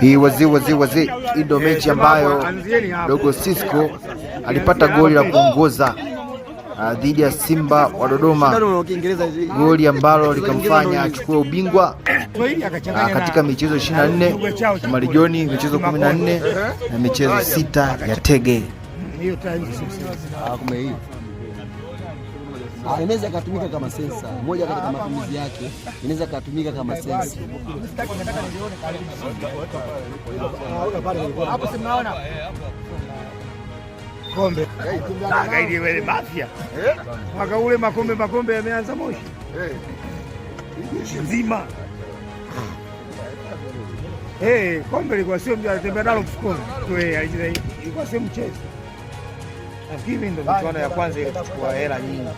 Hii wazi wazi wazi, hii ndio mechi ambayo Dogo Sisco alipata goli la kuongoza uh, dhidi ya Simba wa Dodoma, goli ambalo likamfanya achukue ubingwa uh, katika michezo 24 marijoni, michezo 14 na michezo sita ya tege. Ah, inaweza ikatumika kama sensa moja katika matumizi yake, inaweza ikatumika kama sensa kombe gaidi wele mafia mpaka ule makombe makombe yameanza moshi nzima. Eh, kombe ilikuwa sio mtu anatembea nalo mfukoni, ilikuwa sio mchezo. Nafikiri ndo michuano ya kwanza ile kuchukua hela nyingi.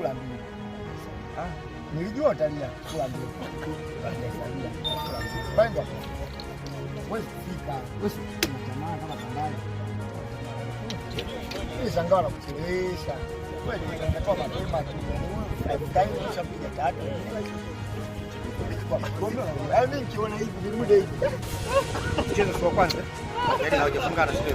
kula mbili. Ah, nilijua utalia kula mbili. Panga. Wewe fika. Wewe jamaa kama sandali. Ni sangala kuchelewesha. Wewe unataka mapema tu. Haikukai ushapiga tatu. Yaani mimi nikiona hivi nirudi hivi. Mchezo kwa kwanza. Yaani haujafunga na shule.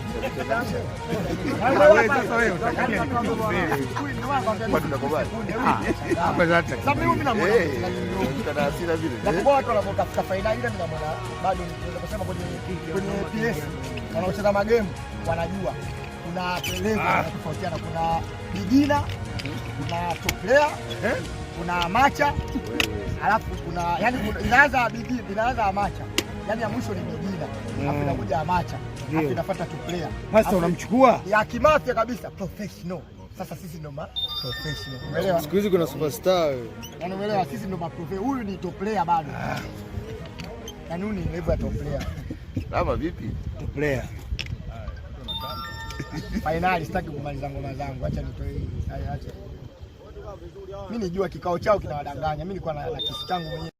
wanapotafuta faida ile, namona wanaocheza magemu wanajua kuna peleva tofautiana, kuna bigina, kuna toplea, kuna macha, alafu kuna yani, inaanza bigina, inaanza macha, yani ya mwisho ni bigina afu mm. inakuja amacha afu inafuata tu player. Sasa unamchukua ya kimafia kabisa professional. Sasa sisi ndo ma professional. Umeelewa? Siku hizi kuna superstar Yaani umeelewa sisi ndo ma professional. Huyu ni top player bado. Ah. Yaani huyu ni level ya top player. Kama vipi? Top player. Finali sitaki kumaliza ngoma zangu. Acha nitoe hii. Acha. Mimi nijua kikao chao kinawadanganya. Mimi nilikuwa na kisu changu mwenyewe.